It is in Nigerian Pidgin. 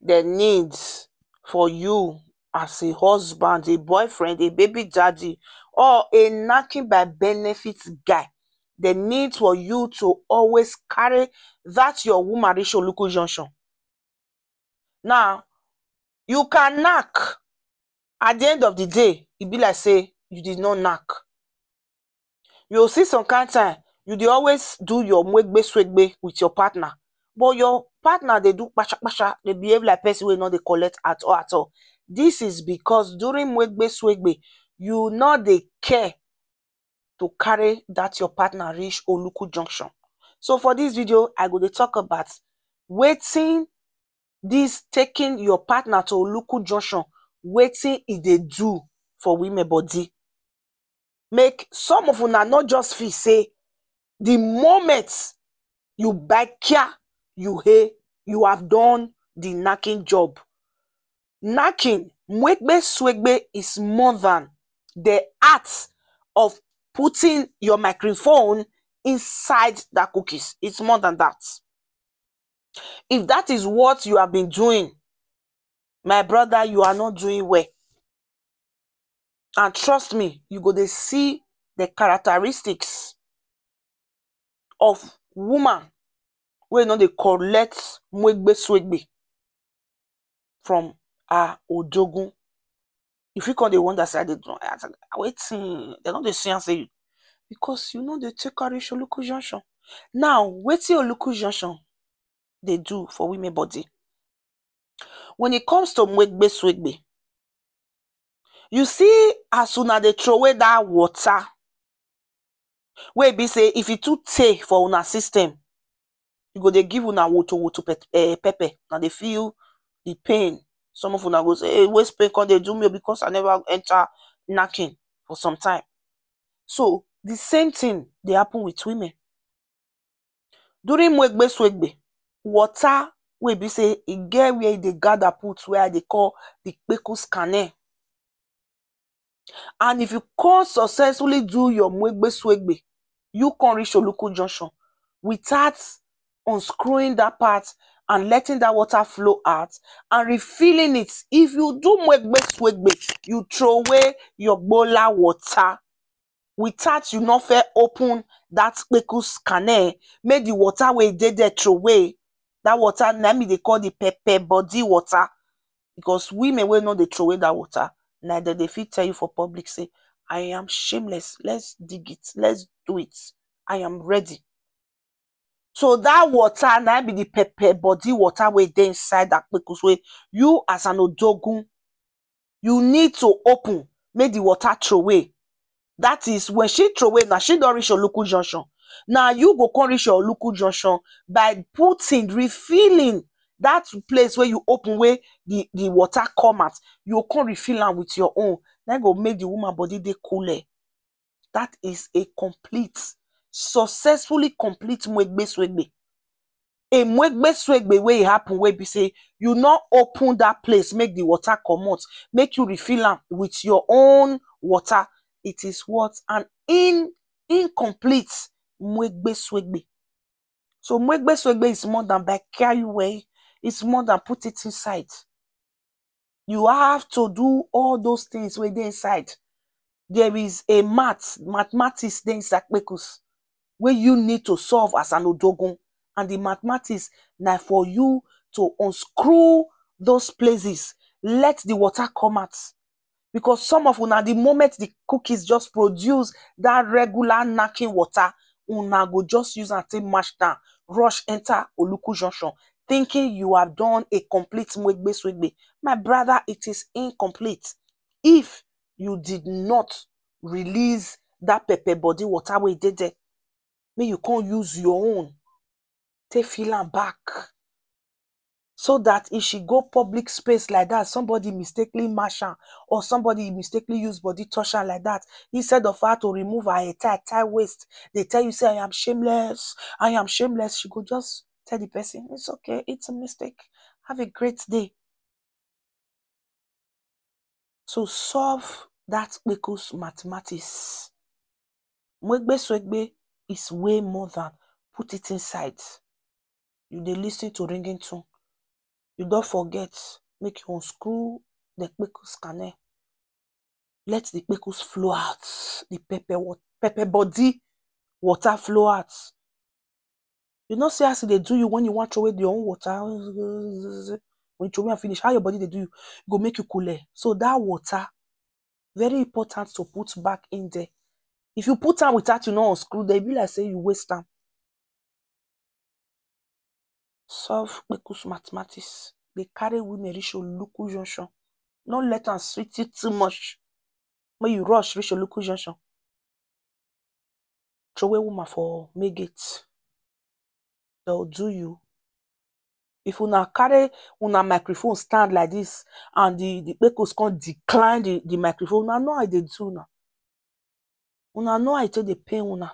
the needs for you as a husband, a boyfriend, a baby daddy, or a knocking by benefits guy. The need for you to always carry that your woman reach Oluku Junction. Now, you can knock. At the end of the day, it e be like say you did not knock. You'll see some kind of time, you dey always do your mwegbe swegbe with your partner. But your partner they do kpashakpasha They behave like person wey not they collect at all at all this is because during mwegbe you no they care to carry that your partner reach oluku junction so for this video i go to talk about waiting. this taking your partner to oluku junction Waiting e dey do for women body make some of una not just feel say the moment you gbakia you hey, you have done the knacking job. Knacking, mwekbe swegbe is more than the art of putting your microphone inside the cookies. It's more than that. If that is what you have been doing, my brother, you are not doing well. And trust me, you go to see the characteristics of woman wey no dey collect muegbeswegbe from her ojogun. You fit come dey wonder say I dey ah, wetin dem no dey see am sey because you no dey take her reach Oluku junction. Now wetin Oluku junction dey do for women body? When it comes to muegbeswegbe, you see as una dey throway dat water wey e be sey if e too tey for una system, You go They give una woto woto eh, pepper na they feel the pain some of una go say hey eh, waist pain come they do me oh, because i never enter knacking for some time so the same thing they happen with women during mwegbe swegbe water wey be say e get where e dey gather put wey i dey call the kpekus canal and if you come successfully do your mwegbe swegbe you come reach oluku junction without unscrewing that part and letting that water flow out and refilling it. If you do mwegbe swegbe, you throw away your bola water. With that, you not fair open that speckles canal, make the water way they there throw away. That water, na me they call the pepper body water. Because women will know they throw away that water. Neither they fit tell you for public say, I am shameless. Let's dig it. Let's do it. I am ready so that water now be the pepper body water way there inside that akpekus wey you as an odogun you need to open make the water throw away. that is when she throw away now she don't reach your oluku junction Now you go come reach your oluku junction by putting refilling that place where you open where the the water come out you come refill am with your own Then go make the woman body dey cooler that is a complete successfully complete Mwegbe Swegbe. A Mwegbe Swegbe where it happen where be say you not open that place, make the water come out, make you refill am with your own water. It is what an in incomplete Mwegbe Swegbe. So Mwegbe Swegbe is more than by carry away, it's more than put it inside. You have to do all those things where within inside. There is a math, mathematics, then Sakbekus. Where you need to solve as an odogun and the mathematics na for you to unscrew those places let the water come out because some of una the moment the cookies just produce that regular knocking water una go just use and take mash down rush enter oluku junction thinking you have done a complete with me, my brother it is incomplete if you did not release that pepper body water we did it make you can't use your own take back so that if she go public space like that somebody mistakenly mash or somebody mistakenly use body touch like that instead of her to remove her entire tie waist they tell you say i am shameless i am shameless she go just tell the person it's okay it's a mistake have a great day so solve that because mathematics is way more than put it inside. You dey lis ten to ringing tone. You don forget, make you unscrew the kpekus kernel. Let the kpekus flow out. The pepper pepper body water flow out. You know say as they e do you when you want to throway your own water when you throway and finish, how your body they do you? E go make you kule. So that water very important to put back in there if you put am without you know, unscrew dem e be like say you waste am solve kpekus mathematics dey carry women reach oluku junction no let am sweet you too much make you rush reach oluku junction throway woman for make it. They'll do you if una carry on a microphone stand like this and the di kpekus come decline the the microphone I know how e do una Una no I to the pain una.